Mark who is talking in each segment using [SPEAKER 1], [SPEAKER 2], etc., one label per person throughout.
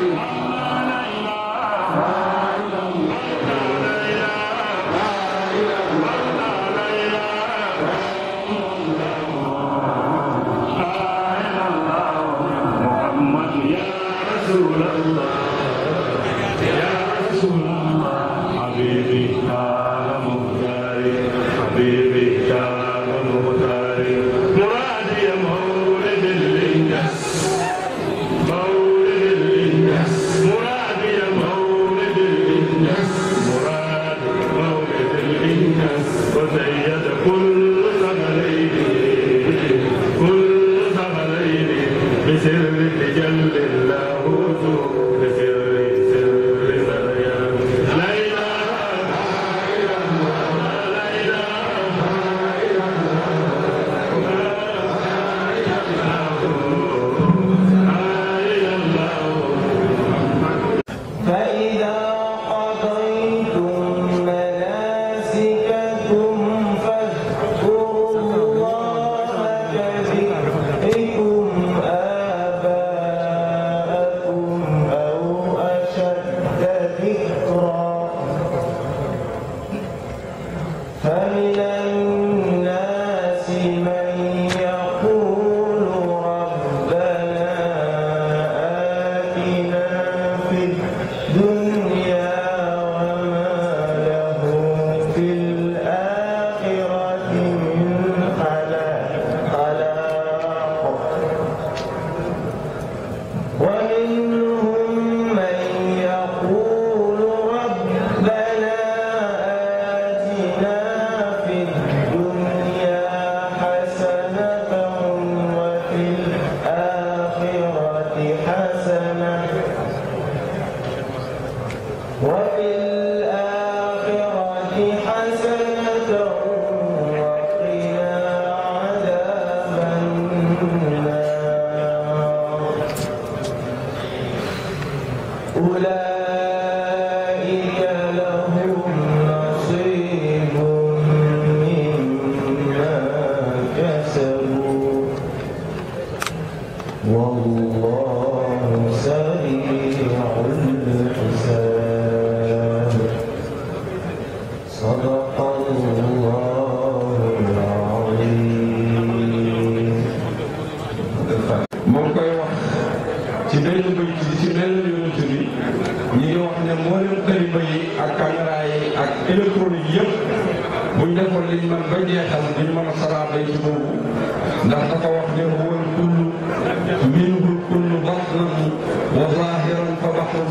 [SPEAKER 1] Thank you.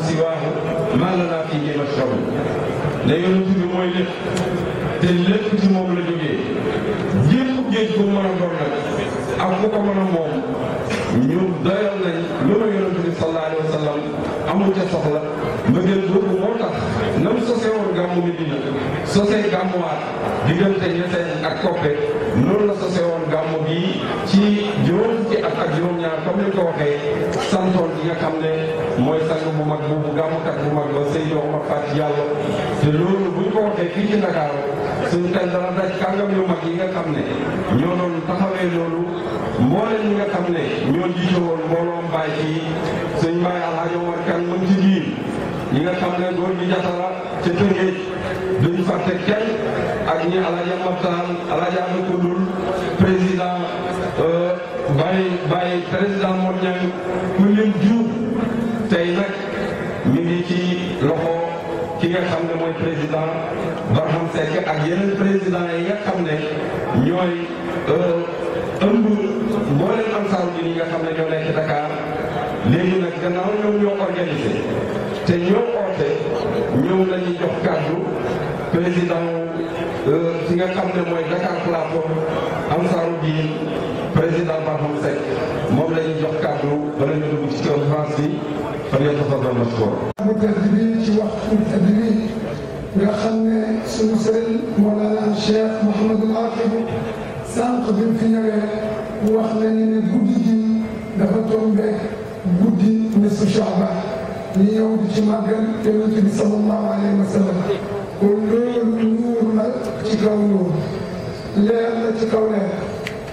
[SPEAKER 2] siwaahu maa lanaa fiihi min shughul ne yonent bi mooy lépp te lépp ci moom la jógee yëpp géej bu mu mën a doon nag ak a moom ñun doyal nañ lu ma yonent bi sallallahu alayhi wa ca soxla mbëggeel boobu moo tax na mu sosee woon gàmmu bi dina sosee gàmmuwaat diggante ñetteen woon gàmmu bi ci juróom ci at ak juróom-ñaar comme ni ko santoon gi nga xam ne mooy sang bu mag boobu gàmmukat bu mag ba Seydi Omar Faty Diallo te loolu buñ ko waxee fii ci Ndakaaru suñu xel dana daj kàngam yu mag yi nga xam ne ñoo doon taxawee loolu mbooleem ñi nga xam ne ñoo jiite woon mbooloo mbaay fii sëñ Mbaye Alhaji Omar Kane mën ci diin ñi nga xam ne doon ñu jatala ca Tëngéej duñu fàtte kenn ak ñi Alhaji Maptaan Alhaji Ahmed Koundoul président Baye euh, Baye président Mor Niang ku leen juub tey nag ñu ngi ci loxo ki nga xam ne mooy président Barham Seck ak yeneen président yi nga xam ne ñooy euh, ëmb mbooleem ansaaru diin yi nga xam ne ñoo nekk Dakar léegi nag gannaaw ñoom ñoo organisé te ñoo oote ñëw nañu jox kàddu président si euh, nga xam ne mooy Dakar Plateau ansaaru diin président Barham Seck moom la ñuy jox kàddu bala ñu dugg ci conférence bi fan ngeen ko doon mos
[SPEAKER 1] bu tedd bi ci waxtu tedd bi nga xam ne suñu sëriñ Mawlana Cheikh Mouhamadou Aqib sànq bi mu fi ñëwee. mu wax la ñu ne guddi gi dafa tombé guddi nisfu Chaaban ñu yow di ci màggal yonent bi sallallahu alayhi wa sallam kon loolu nuur ci kaw nuur leer la ci kaw leer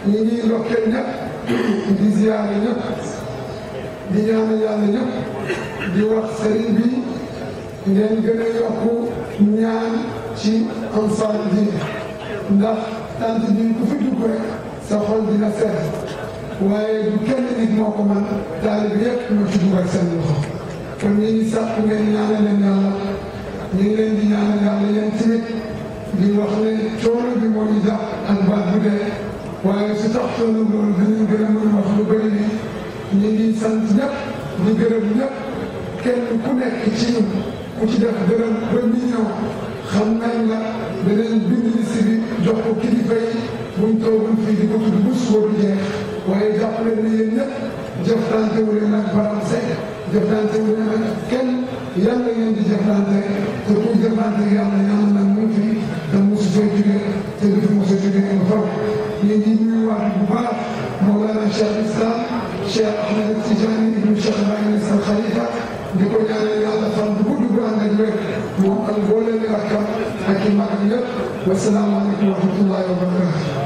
[SPEAKER 1] ñu ngi ndokkeel ñëpp di ziyaare di ñaan yàlla ñëpp di wax sëriñ bi ngeen gën a yokku ñaan ci Ansaar bi ndax tant bi ku fi dugg rek sa xol dina sedd waaye du kenn nit moo ko man taalib yëpp ñoo ci dugal seen loxo kon ñu ngi sàpp ngeen ñaanal leen yàlla ñu ngi leen di ñaanal yàlla yéen tamit di wax ne coono bi moo ñu jàpp ak baat bu dee waaye su tax coono loolu dinañ gën a mën a wax lu bëri ni di gërëm ñëpp kenn ku nekk ci ñun ku ci def gërëm ba million xam nañ la danañ bind liste bi jox ko kilifa yi buñ toogoon suba du jeex waaye jàpp leen ne yéen ñëpp jëflante wu leen ak français jëflante wu leen ak kenn yàlla ngeen di jëflante te kuy jëflante yàlla yàlla na mu fi te mosu fay jugee te du fi mosu jugee ba faw ñu ngi nuyuwaat bu baax Mawlana Cheikh Islam Cheikh Ahmed Tidiane ibnu Cheikh Ibrahima Sall Khalifa di ko ñaanal yàlla fan bu gudd bu ànd ak wér moom ak boole ak i mag yëpp wasalaamaaleykum wa rahmatullahi wa barakatuh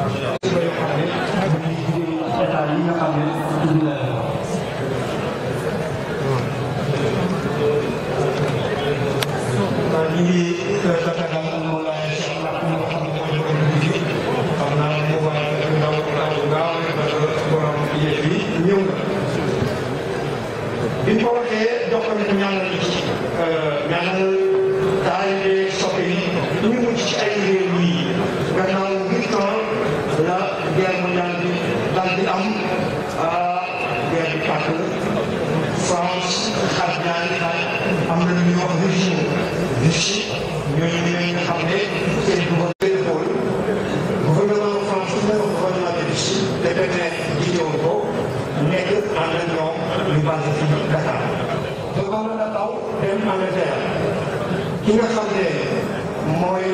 [SPEAKER 3] daw dem Angleterre ki nga xam ne mooy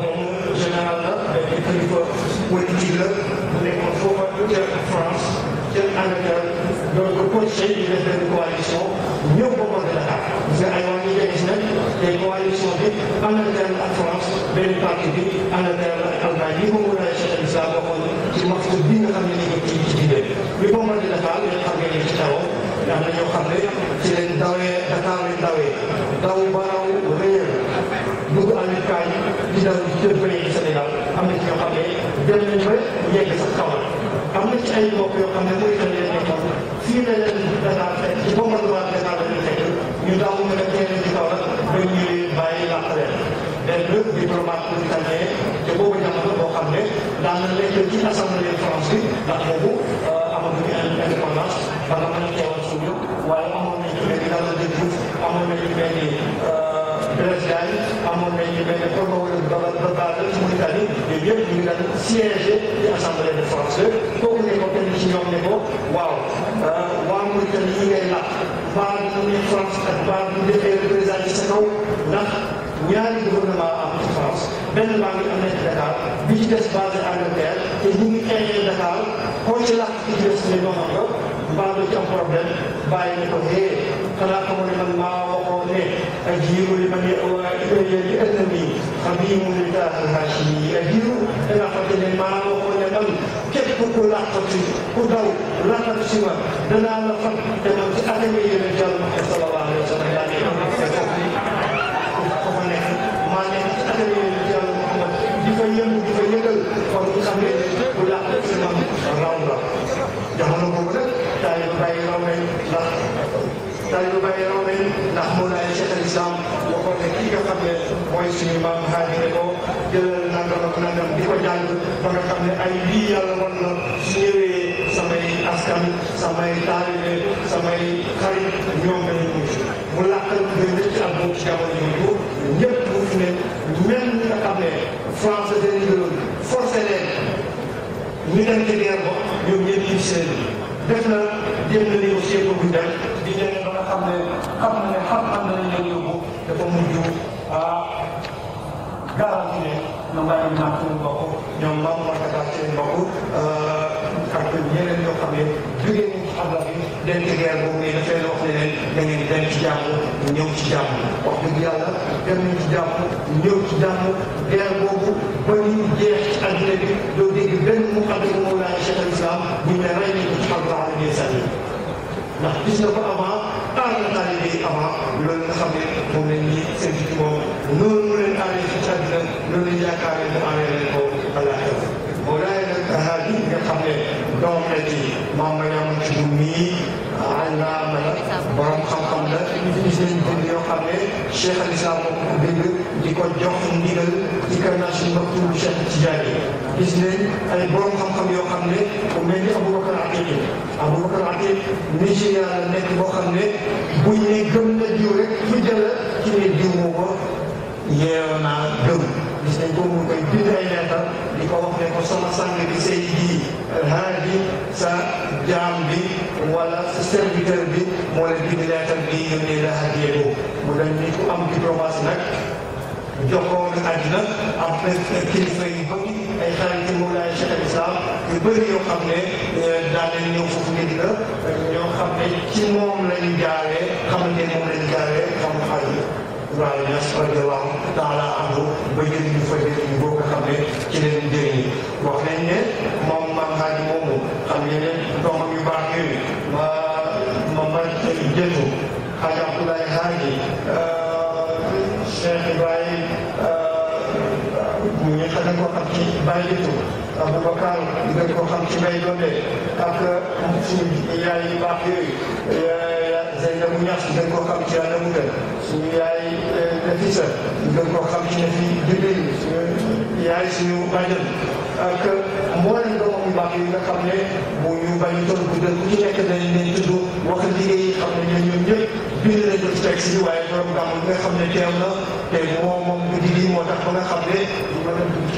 [SPEAKER 3] benn euh, général la benn kilifa politique la nekkoon foofa jël France jël Angleterre donc conseil bi def benn coalition ñëw bokkoon de Dakar parce que ay waa ñu gis nañ te coalition bi Angleterre la ak France benn parti bi Angleterre la ak Allemagne yi ko mën a Cheikh Issa waxoon ci waxtu bi nga xam ne ni ñu ci diine bi bokkoon de Dakar nga xam nga ne ci tawoon ndax dañoo xam ne ci lañ dawee Dakar lañ dawee daw ba raw réer dugg Amérique yi di daw di jël bële yi Sénégal am na ci xam ne dem nañ ba na ci ay fii la leen Dakar fekk ne teel ci kaw la ba ñu bàyyi làq leen benn xam ne daan na lekk ci assemblée France bi ndax boobu euh, indépendance ba nga mën a teewal suñu yëpp waaye amoon nañ ci benn Abdou Diouf amoon nañ ci benn Blaise Diagne amoon nañ ci benn Famara Baldé ci Mauritanie yooyu yëpp ñu ngi daan siégé di assemblée de France kooku ne ko kenn ci ñoom ne ko waaw waa Mauritanie yi ngay làkk baa du France ak baa du defee représenté sa kaw ndax ñaari gouvernement am ci France benn baa ngi am na ci Dakar bi ci des basé Angleterre te ñu ngi xeexee Dakar koo ci làkk ci des ne ba xam nga mbaa doo ci am problème bàyyi ne ko hee xanaa xamoon ne man maa waxoon ne ajiiru liman li ennemi xabiiru li daaxal haashimi ajiiru danga xamante ne maa waxoon ne man képp ku làqati ku daw làqati si ma danaa la fat te man ci attaqué yonent Yàlla Muhammad sallallahu alayhi wa sallam maanaam ci affaire yooyu yàlla Muhammad di fa yëngu di fa yëngal kon ñu xam ne bu yàq imam raw la jamono boobu nag taalibu bàyyi raw nañ ndax taalibu bàyyi raw nañ ndax Mawlaay Cheikh al Islam waxoon ne kii nga xam ne mooy suñu maam xaaji ne ko jëlal nangam ak nangam di ko jàng ba nga xam ne ay lii yàlla wan na su ñëwee samay askan samay taalibe samay xarit ñoom dañu mujj mu làqal ba njëkk ak boobu jamono yooyu ñëpp même ñi nga xam ne français dañu doon forcé leen ñu dem ci guerre ba ñoom ñëpp ñu seen def na jéem na négocier pour ñu dem di demee ba nga xam ne xam na ne xam-xam na ne ñoom yóbbu dafa mujj ah garanti ne ñoom bàyyi naag seen bopp ñoom maam markataat seen bopp euh, ak ñeneen ñoo xam ne jógee xabaar bi dañ ci guerre boobu yi dafay wax ne leen da ngeen dem ci jàmm ñëw ci jàmm wax dëgg yàlla dem nañ ci jàmm ñëw ci jàmm guerre boobu ba ñu jeex ci àddina bi doo dégg benn mu xaddama Mawlaana Cheikh al Islam bu ñu ne rey nañ ko ci xabaar bi des années ndax gis na ko avant aar na taalibe yi avant loolu nga xam ne moom lañ ñuy séntu ci moom noonu mu leen aaree ci àddina loolu lañ yaakaaree mu aaree leen ko àllaaxira Mawlaana nag nga xam ne doom la ci maam borom xam-xam la seen bind yoo am ne Cheikh al Islam moo ko bind ko jox ndigal ci karnage yi maktubu Cheikh Tidiane gis nañ borom xam-xam yoo xam ne ku mel ni Aboubacar Atiq Aboubacar Atiq Nigéria la nekk boo xam ne buñ ne gëm na jiw rek fu jëla ne jiw moo ko yeew naa gëm gis nañ ko mu koy bind ay leetar di ko wax ne ko sama sang bi sëy bii euh, haadi sa jaam wala sa serviteur bi moo leen bind leetar bi yónnee la hadiya boobu mu doon nit ku am diplomatie nag jokkoo ak àddina am kilifa yu bëri ay xarit Mawlaay Cheikh al Islam yu bëri yoo xam ne euh, daan nañ euh, xam ne ci moom lañu jaaree xamante Ibrahima Niass radiyallahu taala anhu ba jëriñu fa jëriñu boo ko xam ne ci leen jëriñu wax nañ ne moom maam Xaaji moomu xam yeneen doomam yu baax yooyu ma ma ma jëtu Xaaji Abdoulaye Xaaji euh, Cheikh Ibrahim euh, ñu xam ne koo xam ci bàyyi jëtu Aboubacar nga ko xam ci mbay doole ak suñu yaay yu baax Nabou Niass ñu gën koo xam ci waa Nabou Kër suñu yaay Nafisa eh, eh, ñu gën koo xam ci Nafi Jibril suñu yaay suñu bàjjan ak mboolem baax yi nga xam ne moo ñu bàyyi toon guddal ku ci nekk dañ leen tudd wax liggéey yi xam ne ñoo ñoom ñëpp bind nañ ko ci texte waaye borom gàmm bi nga xam ne teew na te moo moom guddi gi moo tax ba nga xam ne ñu mën a dugg ci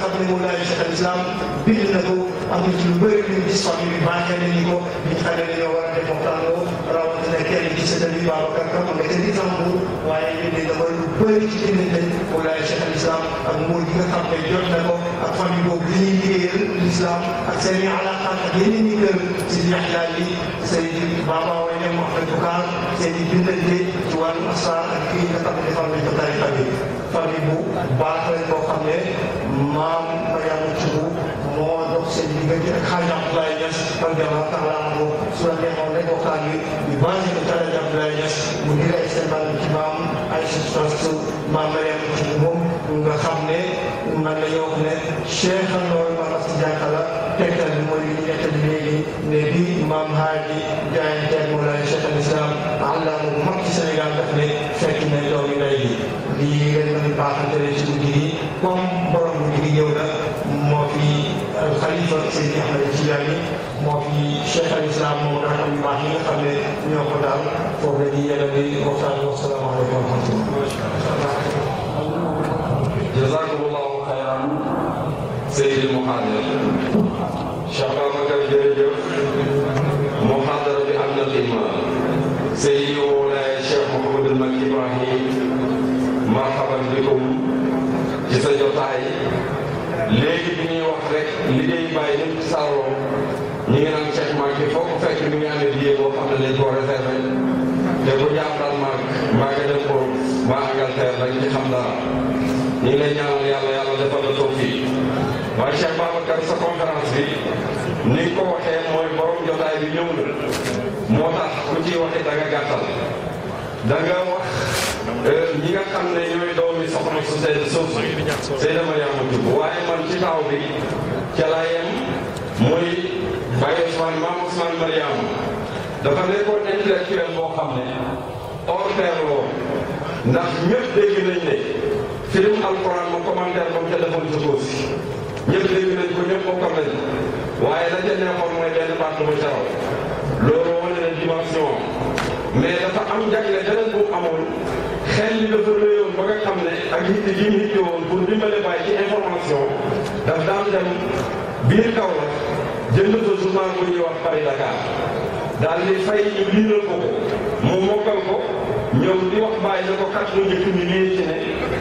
[SPEAKER 3] xam ne moom laa Cheikh al Islam bind na ko am na ci lu bëri lu gis famille bi manqué nañu ko liñ xam ne dañoo war a def waxtaanoo rawatina kenn ci sëtal bi Babacar Kam nga ca di bëri ci génn nañ walaay Cheikh al Islam ak mbool gi nga xam ne jot na ko ak famille boobu li ñuy liggéeyal l'islam ak seen i alaaqaat ak yeneen ñi kër si yaxyaal yi seen i baabaa way ne wax nañ ko kaar seen i bindante ci wàllu asaar ak kii nga xam ne defal nañ ko tariqa bi famille bu baax lañ boo xam ne maam Mariama Thioub moo dox seen diggante ak xaaj Abdoulaye Niass radiyallahu taala anhu su la neexoon rek waxtaan wi ñu basé ko ci xaaj Abdoulaye Niass mu dira seen maam ci maam surtout maam Mariam moom nga xam ne man la ñoo ne Cheikh Noor Maam si jàkkaarla tegtal bi mooy li ñu nettali léegi ne bii maam Haaji jaayante ak Mawlaana Cheikh al Islam allah ci Sénégal ne fekk na doomi ndey bi mën a baaxantale ci guddi comme borom guddi gi ñëw na moo fi euh, xalifa Seydi Ahmed Tidiane moo fi Cheikh al Islam moom dafa am baax yi nga xam ne ñoo ko daal foofu la ñuy yàlla di waxtaan wa salaamaaleykum wa rahmatulah.
[SPEAKER 2] jazakumullahu xayran Seydi Mouhadir Cheikh Babacar jërëjëf muhaadara bi am na qiima Seydi Mawlaay Cheikh Mouhamadul Mahi Ibrahim marhaban bikum ci sa jotaay léegi bi ñuy wax rek liggéey bàyyi ñëpp saaroo ñu ngi naan seet mag fekk mi ngi amee billet boo xam ne dañ koo réservé te bu ñu am Danemark mbaa nga dem ko waa Angleterre dañ ci xam dara ñu ngi lay ñaanal yàlla yàlla defal la toog fii waaye sa conférence ni ko waxee mooy borom jotaay bi ñëw moo tax ku ci waxee da nga gàttal da nga wax euh, ñi nga xam ne ñooy doomi soxna su sedd suuf Seyda Mariama Diouf waaye man ci taaw bi ca laa yem mooy waaye Ousmane maam Ousmane Mariam dafa nekkoon intellectuel boo xam ne hors pair woon ndax ñëpp dégg nañ ne film alquran mu commentaire moom ca defoon sa dégg nañ ko ñëpp mokkal nañ waaye la ca nekkoon benn baat bu caraw loolu wane na dimension mais dafa am jagle beneen bu amoon xel li dafa réyoon ba nga xam ne ak nit yi ñu nit woon pour dimbale bàyyi ci information daf daan dem biir kaw jënd ko journal bu ñuy wax Paris Dakar daal di fay ñu liiral ko mu mokkal ko ñoom di wax bàyyi na ko kat lu njëkk ni lii ci ne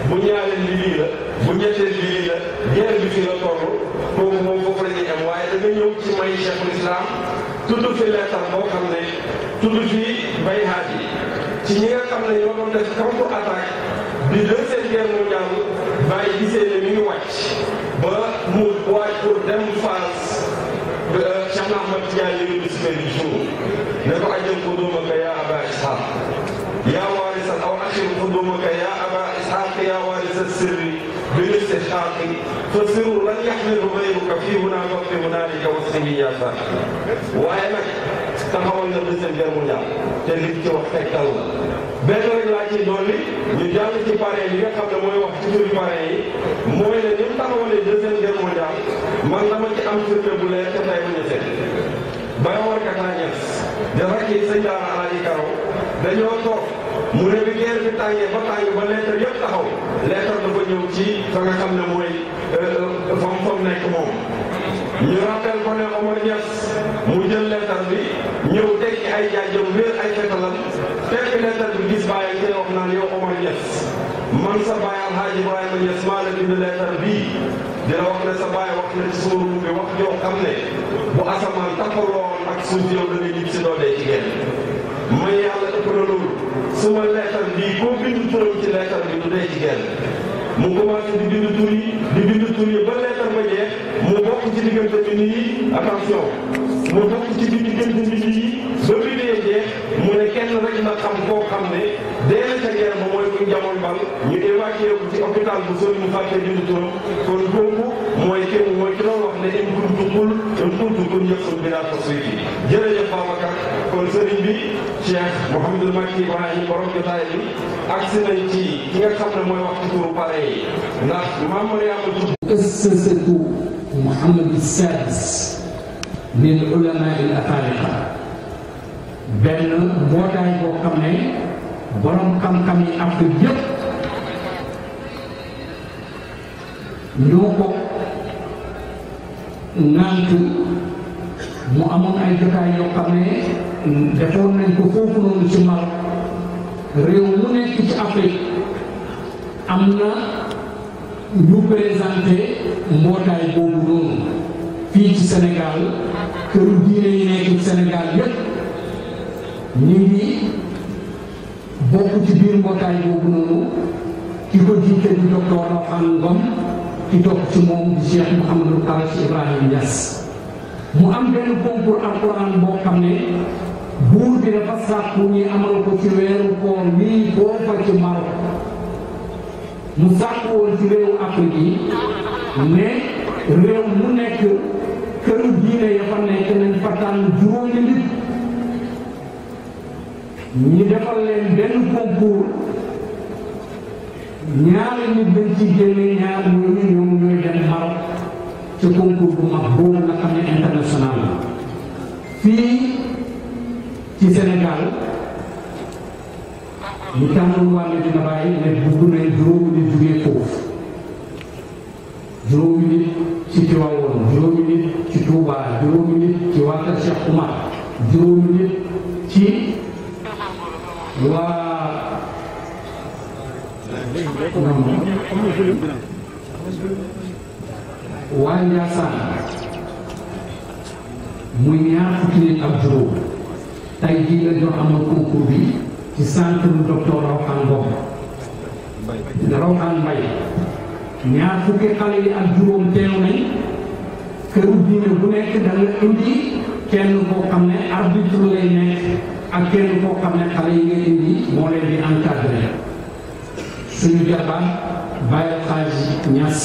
[SPEAKER 2] bu ñaareel li lii la bu ñetteel lii la guerre bi fii la toll moom foofu la ñuy am waaye da nga ñëw ci may Cheikhul Islam tudd fi leetar boo xam ne tudd fii bayhaat yi ci ñi xam ne ñoo doon def contre attaque di deuxième guerre mondiale bàyyi gisee ne mi ngi ba mu waaj pour dem France Cheikh na Ahmad Tidiane yëngu na si benn jour ne ko ajal xudumaka yaa aba ishaq yaa waarisa aw axir xudumaka yaa aba ishaq yaa waarisa sirri bi listixaaqi fa sirru lan yaxmilu gayruka fii hunaa waqti hunaalika wasimi yaa saaqi waaye nag taxawal na deuxième guerre mondiale te li ci wax tegtal la benn rek laa ciy dolli ñu jàll ci parrain yi nga xam ne mooy wax ci turi parrain yi mooy ne ni mu taxawalee deuxième guerre mondiale man dama ci am firnde bu mu ñese bay warkataa ñes da rakk yi sëñ daara alaaji karo dañoo toog mu ne bi guerre bi tàngee ba tàng ba leetar yëpp taxaw leetar dafa ñëw ci fa nga xam ne mooy fam euh, euh, fam nekk moom ñu rappel ko ne Omar mu jël leetar bi ñëw teg ci ay jaajëm wéer ay fetalam fekk leetar bi gis bàyyi ak wax naan yow Omar man sa baay Alhaji Ibrahima Niass maa la bind leetar bii dina wax ne sa wax na ci suuru bi wax joo xam ne bu asamaan tappaloo ak suuf yow da ngay si doo dee ci genn man yàlla ëpp na loolu su ma leetar bii koo bindu turam ci leetar bi du dee ci genn mu commencé
[SPEAKER 4] di bind tur yi di bind tur yi ba leetar ba jeex mu bokk ci diggante bi nii attention. mu dugg ci biir diggante
[SPEAKER 2] nit yi ba bi dee jeex mu ne kenn rek na xam koo xam ne dee na ca ba mooy ku njaboot bal ñu évacué ko ci hôpital bu sori mu fàtte junni turam kon kooku mooy kenn mooy ki doon wax ne in kuntum in kuntum kon yëpp bi laa fas yi jërëjëf Babacar kon sëriñ bi Cheikh Mouhamadul Macky Ibrahima borom jotaay bi agsi nañ ci ki nga xam ne mooy waxtu turu pare yi
[SPEAKER 5] ndax maam Mariama tudd. SSETU Mouhamadou Sadis. lil ulamaa il afariqa benn mbootaay boo xam ne borom xam yëpp ñoo ko ŋànk mu amoon ay jotaay yoo xam ne defoon nañ ko foofu noonu ci Maroc mu nekk ci Afrique am na ñu présenté mbootaay boobu noonu. fii ci senegal këru diine yi nekk ci Sénégal yépp ñu ngi ci biir mbootaay boobu noonu ki ko jiite di docteur Rokhane Ngom ki topp ci moom di Cheikh Mouhamadou Karachi Ibrahima Niass mu am benn concours alquran boo xam ne buur bi dafa sàkku ñu amal ko ci weeru koor wii boo fa ci Maroc mu sàkku ci réewu Afrique yi réew mu nekk këru diine ya fa nekk nañ fa tànn juróomi nit ñu defal leen benn concours ñaari nit dañ ci génne ñaar ñooñu ñoom ñooy dem Maroc ci concours bu mag boobu nga xam ne international fii ci Sénégal ñu tànn wàllu dina bàyyi ne bugg nañ juróomi nit jugee foofu juróomi nit ci Tiwaawoon juróomi nit ci Touba juróomi nit ci waa Kër Cheikh Oumar juróomi nit ci waa waa Ndiassane muy ñaar fukki nit ak juróom tey jii la doon amal concours bi ci centre docteur Rawaan Ngom Rawaan Mbaye ñaar fukki xale yi ak juróom teew nañ këru diine bu nekk da indi kenn koo xam ne arbitre lay nekk ak kenn koo xam ne xale yi nga indi moo leen di encadré suñu jabar Baye Ñas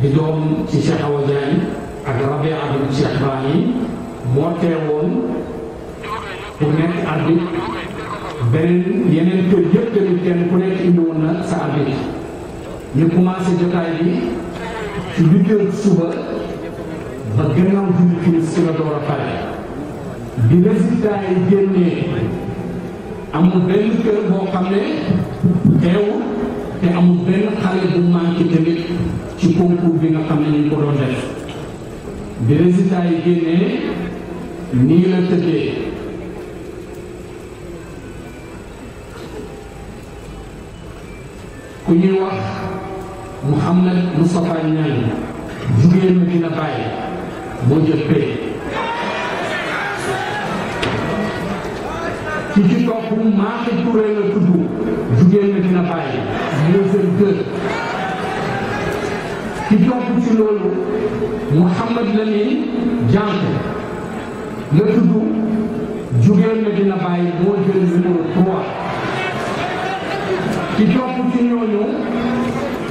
[SPEAKER 5] di doom ci Cheikh Awa Diagne ak Rabia Abdou Cheikh Ibrahim moo teewoon ku nekk arbitre beneen yeneen kër yëpp tamit kenn ku nekk indi na sa arbitre ñu commencé jotaay bi ci huit heures suba ba gannaaw julli timis si la door a pare bi résultat yi génnee amul benn kër boo xam ne teewul te amul benn xale bu manqué tamit ci concours bi na xam ne ñu ko doon def bi résultat yi génnee nii la tëddee ku ñuy wax Mouhamad Moustapha Niang jugee Medina Baye moo jël paie ki ci topp Maaxi Touré la tudd jugee Medina Baye moo jël deux ki topp ci loolu Mouhamad Lamine Diante la tudd jugee Medina Baye moo jël numéro trois ki topp ci ñooñu.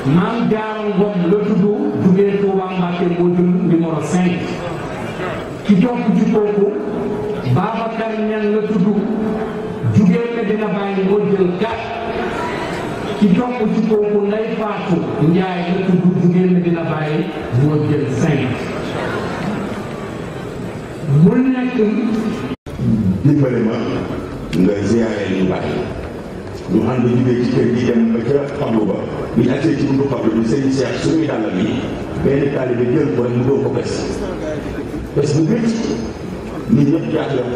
[SPEAKER 5] maam Jaara Ngom la tudd jugee Touba Mbacké moo jël numéro 5 ci topp ci kooku Babacar Ñaŋ la tudd jugee Medina Baye moo jël 4 ci topp ci kooku Faatu Njaay la tudd jugee Medina Baye moo jël 5
[SPEAKER 4] mu nekk dimbali ma nga ziyaare ñu bàyyi ñu ànd liggéey ci kër gi dem ba ca Pablo ba bu ñu agsee ci buntu Pablo bi sëñ Cheikh suñuy dàll bi benn taalibe jël ko rek mu doon ko bés bu gëj nit ñëpp jaaxle bi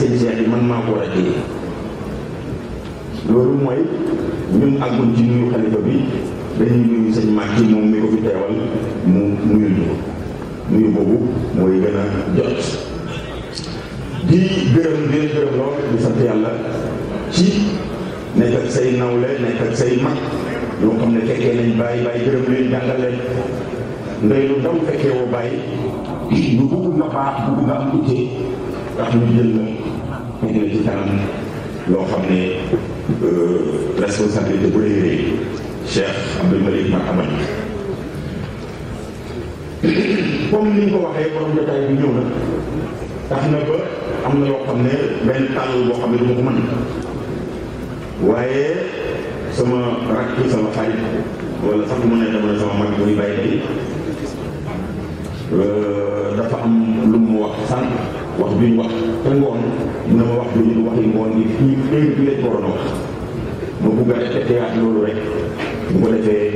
[SPEAKER 4] ci man maa ko rajee loolu mooy ñun àgguñ nuyu xalifa bi dañuy nuyu sëñ Màkki moom mi ko fi teewal mu nuyu boobu mooy gën a jot di gërëm di leen gërëm lool di sant yàlla ci nekk ak say nawle nekk ak say mag yoo xam ne fekkee nañ bàyyi bàyyi gërëm leen jàngal leen ndey lu ndaw fekkee woo bàyyi lu bëgg nga baax am itte tax ñu jël la fekk la ci kanam loo xam ne euh, responsabilité bu rëy rëy Cheikh Abdou ni nga ko waxee borom jotaay bi ñëw na tax na ba am na loo xam ne benn tànn boo xam ne du ma ko mën waaye sama rakk sama xarit wala sax mu ne dama ne sama mag muy bàyyi bi euh, dafa am lu mu wax sànq wax bi ñu wax te ngoon mu ne ma wax bi ñu wax yi ngoon yi fii heure bi lañ ko waroon a wax ma bugg a teyaat loolu rek bu ko defee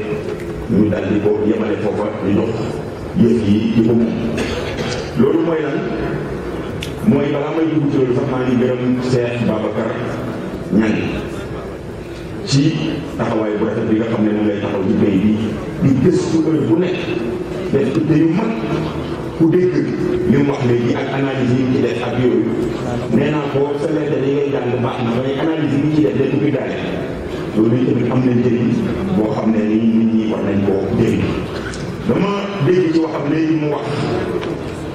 [SPEAKER 4] ñu daal di ko yemale foofa ñu jox yëf yi di ko moom loolu mooy lan mooy balaa may dugg ci loolu sax maa ngi gërëm Cheikh Babacar Niang ci taxawaay bu rafet xam ne moom lay taxaw ci bay bi di gëstu heure bu nekk def te yu mag ku dégg li wax léegi ak analyse ci def ak yooyu nee ko sa leer ngay jàng baax na waaye analyse ci def dañ koy daale loolu tamit am na njëriñ boo xam ne ni nit ñi war nañ koo jëriñ dama dégg ci waxam léegi mu wax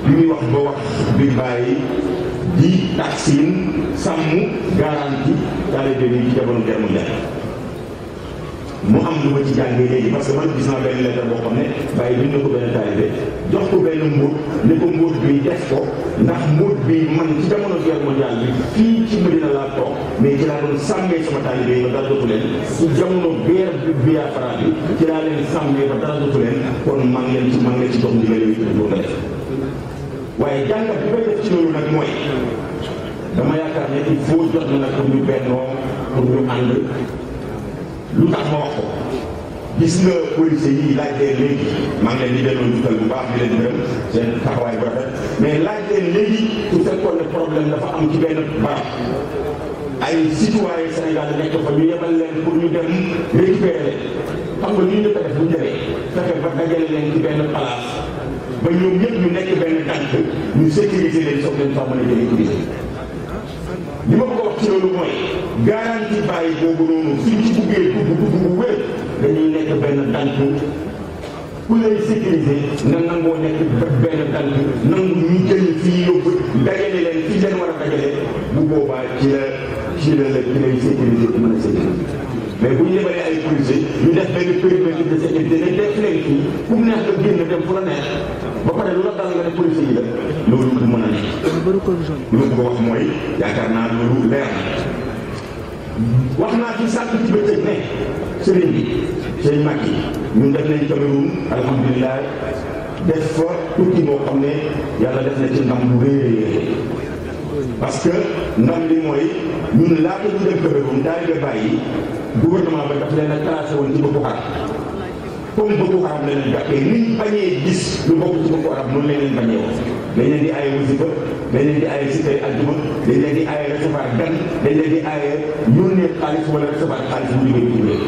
[SPEAKER 4] li muy wax ba wax bi bàyyi di taksin sàmm garanti taalibe bi ci jamono guerre mondiale mu am lu ma ci jàngee léegi parce que man gis naa benn lettre boo xam ne bàyyi bind na ko benn taalibe jox ko benn mbóot ne ko mbóot bi def ko ndax mbóot bi man ci jamono guerre mondiale bi fii ci Medina laa toog mais ci laa doon sàmmee sama taalibe yi dara jotu leen ci jamono guerre bi Biafra bi ci laa leen sàmmee ba dara jotu leen kon man leen ci man leen ci waaye jàngat bi may def loolu nag mooy dama yaakaar ne il faut jot na nag pour ñu bennoo pour ñu lu tax ma wax ko gis nga police yi laaj leen léegi maa ngi leen di delloo njukkal bu baax di leen gërëm seen taxawaay bu rafet mais laaj leen léegi su fekkoon ne problème dafa am ci benn barab ay citoyen Sénégal nekk fa ñu yebal leen pour ñu dem récupérer leen xam nga ñu njëkk a def bu ñu demee ba dajale leen ci benn place ba ñoom ñëpp ñu nekk benn tànk ñu sécuriser leen soog leen tàmbali jëlee ko liggéey li ma ko wax ci loolu mooy garantie bàyyi boobu noonu suñ ci buggee dañuy nekk benn tànk ku lay sécuriser na nangoo nekk benn tànk nangu ñu jël fii yóbbu dajale leen fi leen war a dajale bu boobaa ci la ci la la ci lay sécuriser mën a sécuriser mais bu ñu yebalee ay policiers ñu def benn périmètre de sécurité dañ def léegi fii ku mu neex nga génn dem fu la neex ba lu la dal nga ne policiers yi la loolu du mën a nekk. lu mu ko wax mooy yaakaar naa loolu leer na naa ci sànq ci bëccëg ne sëriñ bi sëriñ Macky ñun def nañ Cameroun alhamdulilah def fa tukki boo xam ne yàlla def na ci ndam bu parce que ndax li mooy ñun laata ñu def Kaffrine taalibe bàyyi gouvernement ba daf leen a tracé woon ci Boko Haram comme Boko Haram la leen jàppee noonu leen leen di dañ leen di aaye si dañ leen di aaye recevoir gan dañ leen di aaye xaalis wala recevoir xaalis bu jógee ci réew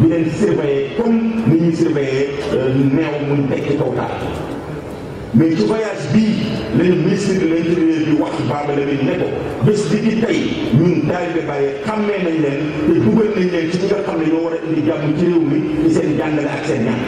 [SPEAKER 4] di leen surveiller comme ni ñuy surveiller euh, neew muñ teg ci kaw taal mais ci voyage bii lañu ministre de l'intérieur bi wax Baba Lamine ne ko bés bi ci tey ñun taalibe Baye xàmmee nañ leen te dugal nañ leen ci ñi nga xam a ak seen ñàkk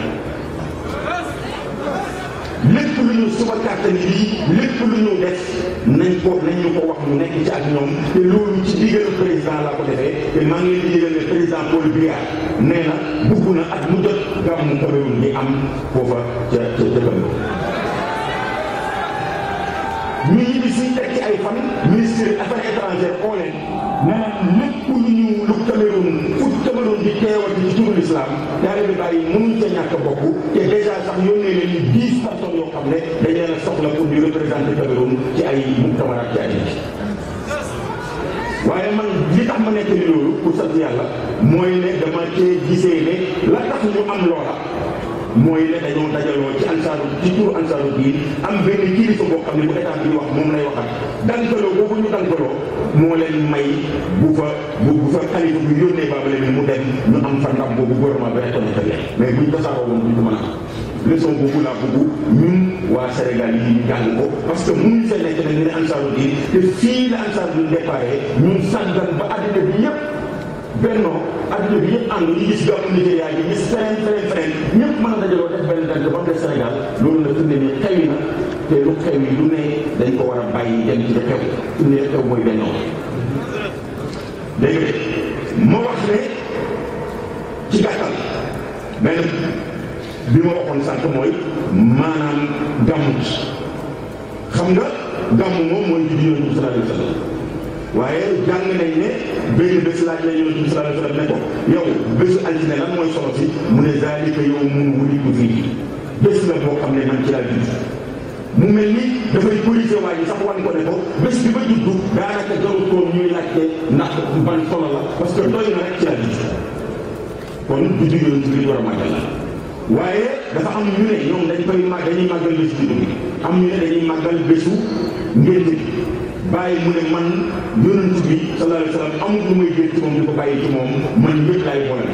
[SPEAKER 4] lépp lu ñu suba kàttan yi lépp lu ñu def nañ ko nañ ñu ko wax mu nekk ci ak ñoom te loolu ci digal président laa ko defee te maa ngi leen di yëgal ne président Paul nee na bugg na at mu jot gàmmu Cameroun bi am foofa ca ca ñu ñibbi si teg ci ay fan ministère affaires étrangères oo leen nee na lépp ñu ñu lu Cameroun fu Cameroun di teewal ci turu l'islam daanaka bàyyi mënuñ ca ñàkk a bokk te dèjà sax yónnee nañu dix personnes yoo xam ne dañ leen a soxla pour di représenter Cameroun ci ay muktamar ak jaay waaye man li tax ma nekk ni loolu pour sant yàlla mooy ne dama cee gisee ne la tax ñu am loola. mooy ne dañoo dajaloo ci ansaaru ci tur ansaaru diin am benn kilifa boo xam ne bu état bi wax moom lay waxat dankaloo boobu ñu dankaloo moo leen may bu fa bu bu fa xalifa bu yónnee baaba leen mu dem ñu am fa mais buñ tasaaroo woon duñ ko mën a am leçon boobu laa bëgg ñun waa Sénégal yi ñu jàng ko parce que mënuñ fa nekk ne ñu ne diin te fii la ansaaru diin déparé ñun sàggan ba àddina bi yépp bennoo adduna bi yëpp ànd ñu gis gàmmu Nigéria yi gis feneen feneen feneen ñëpp mën a dajaloo def benn dante ba mu def Sénégal loolu la firnde ni xew na te lu xew yi lu ne dañ ko war a bàyyi dem ci xew firnde xew mooy bennoo dégg nga laaj la yonent bi sallallahu alayhi wa sallam ne ko yow bésu altine lan mooy solo si mu ne zaalika yawmun wulidtu fiihi bés la boo xam ne man ci laa mu mel ni dafay corriger waa ji sax wan ko ne ko bés bi ma juddu daanaka jarul koom ñuy laajte ndax ban solo parce que doy na rek ci laa judd kon juddu yonent bi war a màggal la waaye dafa am ñu ne ñoom dañ koy màgg dañuy màggal bésu juddu bi am ñu ne dañuy bésu ngénte bi bàyyi mu ne man yonent bi sallallahu alayhi wa sallam amul lu may jël ci moom di ko bàyyi ci moom man ñëpp laay boole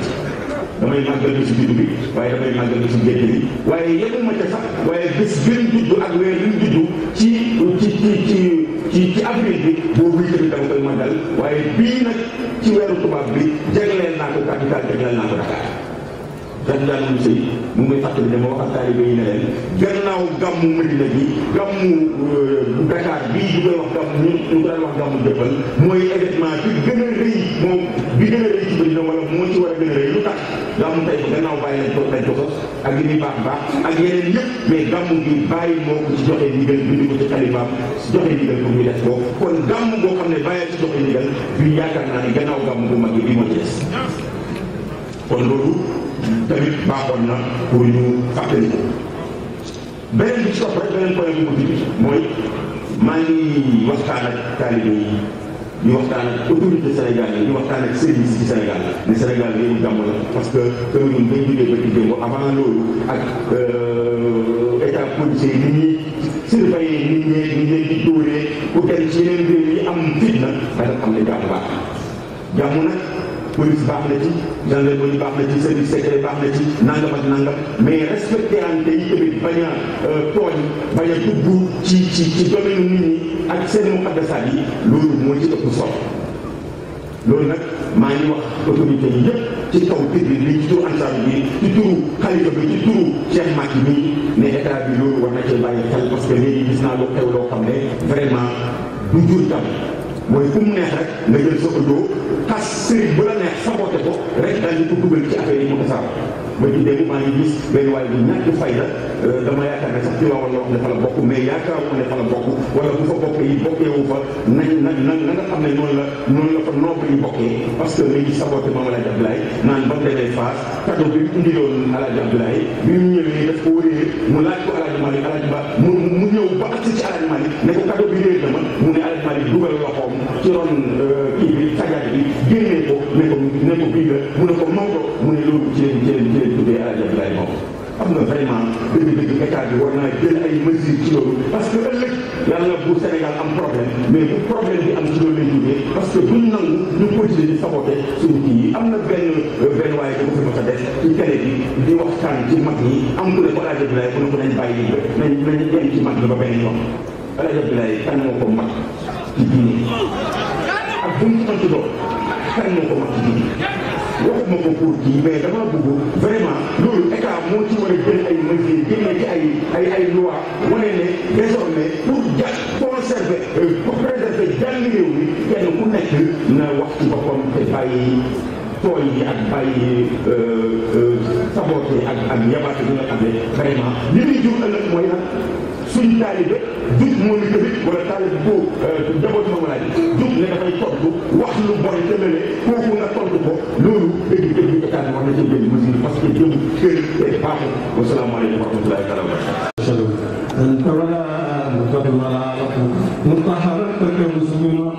[SPEAKER 4] damay màggal ci juddu bi waaye damay màggal ci njëkk bi waaye yemuma ca sax waaye bés gën juddu ak weer yu juddu ci ci ci ci ci avril bi boobu tamit dama koy màggal waaye bii nag ci weeru tubaab bi jagleel naa ko Katikaan jagleel naa ko Dakar. dañ daan ñuy sëy mu muy fàttali dama wax ak taalibe yi ne leen gannaaw gàmmu Medina bi gàmmu euh, Dakar bii ñu koy wax bi gën a rëy bi gën a rëy moo ci war a gën a rëy lu tax gàmmu tey gannaaw bàyyi lañ ko lañ ko sos ak li muy baax baax ak yeneen yëpp mais gàmmu bi bàyyi moo ko ci joxe ndigal bind ko ci xalimaam joxe ndigal pour ñu def ko kon gàmmu boo xam ne bàyyi ci joxe ndigal bi yaakaar naa ne gannaaw gàmmu bu mag bi moo ci kon loolu tamit baaxoon na pour ñu fàttali ko beneen bi ci topp rek beneen point bu mujj mooy maa ngi waxtaan ak taalibe yi ñu waxtaan ak autorité Sénégal yi ñu waxtaan ak service ci Sénégal ne Sénégal yéen jàmm la parce que commune bi dañ jógee ba ci démb avant loolu ak euh, état policier yi ni ñuy surveiller nit ñee ni leen di dóoree ku dem ci yeneen réew yi am fitna dafa am ne jàmm baax jàmm nag police baax na ci gendarmerie baax na ci service secret baax na ci nangam ak nangam mais respecté ante yi tamit bañ a euh, tooñ bañ a dugg ci ci ci domaine ak seen mu adversaire yi loolu moo ci ëpp solo loolu nag maa ngi wax autorité yëpp ci kaw tribune bi ci turu Ansar bi ci turu xalifa bi ci turu Cheikh Macky mii ne état bi loolu war na cee bàyyi xel parce que naa lu xew loo ne vraiment du jur tam mooy ku mu neex rek nga jël sa audio tas sëriñ bu la neex saboté ko rek daal ko dugal ci affaire yi mu tasaar ba ci démb maa ngi gis benn waaye bu ñàkk fayda euh, dama yaakaar ne sax ci waawoon la wax ne fa la bokk mais yaakaaruma ne fa la bokk wala bu fa bokk yi bokkeewu fa nañ na na na nga xam ne noonu la noonu la fa nopp yi bokkee parce que léegi saboté moom Alaaji Abdoulaye naan ba mu demee bi mu ñëwee daf ko wëree mu laaj ko Alaaji Malick Alaaji Ba mu mu ñëw ba agsi ci Alaaji Malick ne ko cadeau bi réer ma mu ne ci euh, kii bi xajaat bi génnee ko ne ko ne ko bii la mu ne ko Maodo mu ne loolu ci leen ci leen ci leen tuddee El Hadj Abdoulaye Maodo am bi war ay mesures ci parce que ëllëg yàlla bu Sénégal am problème mais bu problème bi am ci loolu lay jógee parce que buñ nangu ñu continuer di saboté suñu yi am na benn euh, benn waaye bu fi ma sa def ci télé bi di waxtaan ci mag am ku ne ko El Hadj Abdoulaye ku ne ko nañ bàyyi nañ nañ yem ci mag ñi ba ko ci diine ak bu mu mënti doon ko wax ci diine waxuma ko pour kii mais dama bëgg vraiment loolu état moo ci war a jël ay mesures génne ci ay ay ay loi wane ne désormais pour ja conserver euh, pour préserver jàll réew mi kenn ku nekk na wax ci boppam te tooy yi ak bàyyi euh, euh, saboté ak ak yabaate nga xam ne li muy jur ëllëg mooy lan suñu taalibe jub moo ñu tamit wala taalib bu euh, njaboot ma walaay jub ne dafay tontu wax lu bon te lële kooku nga tontu ko loolu dëgg dëgg état bi war na ci jël mesure parce que jëm kër day baaxu wa salaamaaleykum
[SPEAKER 6] wa rahmatullahi taala wa barakatuh أنت ولا أنت ولا مطهرة كمسلمة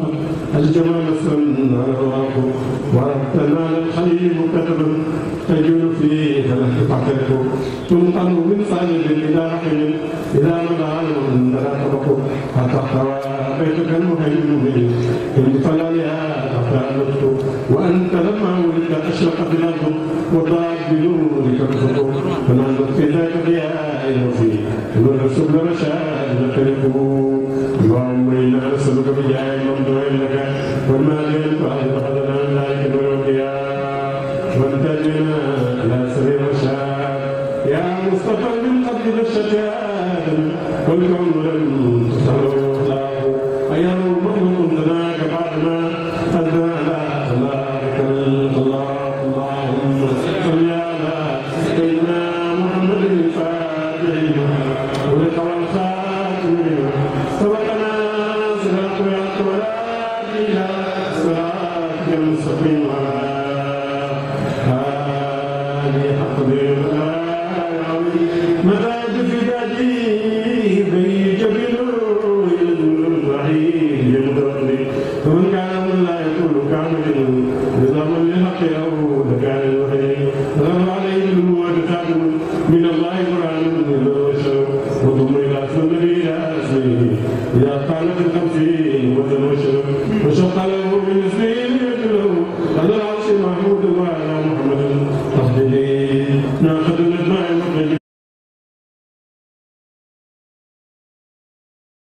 [SPEAKER 6] الجمال سنة وربنا للخير مكتبا تجوز فيه فلحقة ثم أمر من صاحب إلى رحم إذا مضى عنه فلا تبقوا فتحتوى بيتك المهيمن إن فلالها تحتى لطف وأنت لما ولدت أشرقت الأرض وضاعت بنورك الخطوط فنظر في ذاك الرياء وفي نور السبل رشاد نقلبه اللهم إنا نسألك بجاه الممدوح لك والمال المصطفى من قبل الشتان والكون لم تستمر